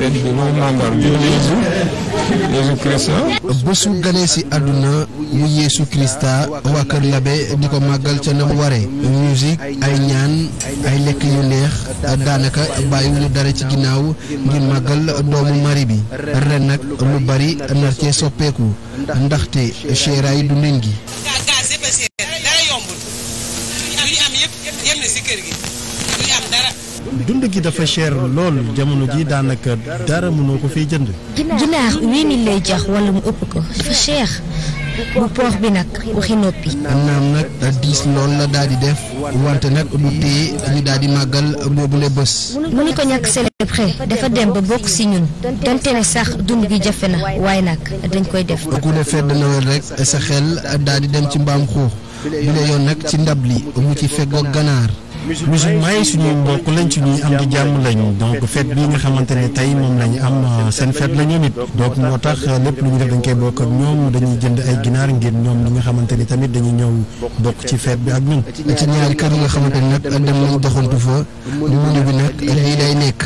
fête bi moom bésu ganee si àdduna mu Yeesu Krista waa Kër Labe di ko màggal ca na mu waree ay ñaan ay lekk yu neex daanaka bàyyiwuñu dara ci ginnaaw ngir màggal doomu mari bi ren nag lu bari nar cee soppeeku ndaxte séeraay du nen gi dund gi dafa cher lool jamono ji daanaka dara mënoo ko fi jënd. ginaar 8000 lay jax wala mu ëpp ko dafa cher bu poox bi nag waxi noppi. naam nag diis lool la daal di def wante nag lu téye ñu daal di màggal boobule bés. mu ni ko ñàkk célébré dafa dem ba bokk si ñun donte ne sax dund gi jafe na waaye nag dañ koy def. ku ne fête de Noël rek sa xel ak daldi dem ci mbaam xuux bi la yoon nag ci ndab li mu ci feggoog ganaar. musulman yi suñuy mbokk lañ suñuy am di jàmm lañ donc fête bi nga xamante ne tey moom lañu am euh, seen fête la ñoom it donc moo tax lépp lu ñu def dañ koy bokk ak ñoom dañuy jënd ay ginaar ngir ñoom li nga xamante ni tamit dañuy ñëw bokk ci fête bi ak ñun. ci ñaari kër nga xamante ne nag dem nañ doxantu fa lu mën bi nag lii day nekk.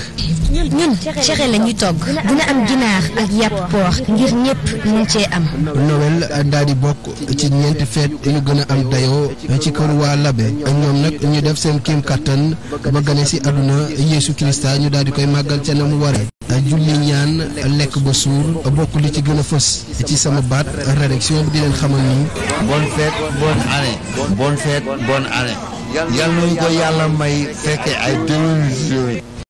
ñun cere la ñuy togg dina am ginaar ak yàpp porc ngir ñëpp ñu cee am. Noël daal bokk ci ñeenti feet yu gën a am dayoo ci kër waa Labe ñoom nag ñu def seen kéem kattan ba gane si àdduna Yeesu Kirista ñu daal di koy màggal ca na mu waree. julli ñaan lekk ba suur bokk li ci gën a fës ci sama baat rédaction bi di leen xamal ni. bonne fête bonne année. yàlla may fekke ay déwén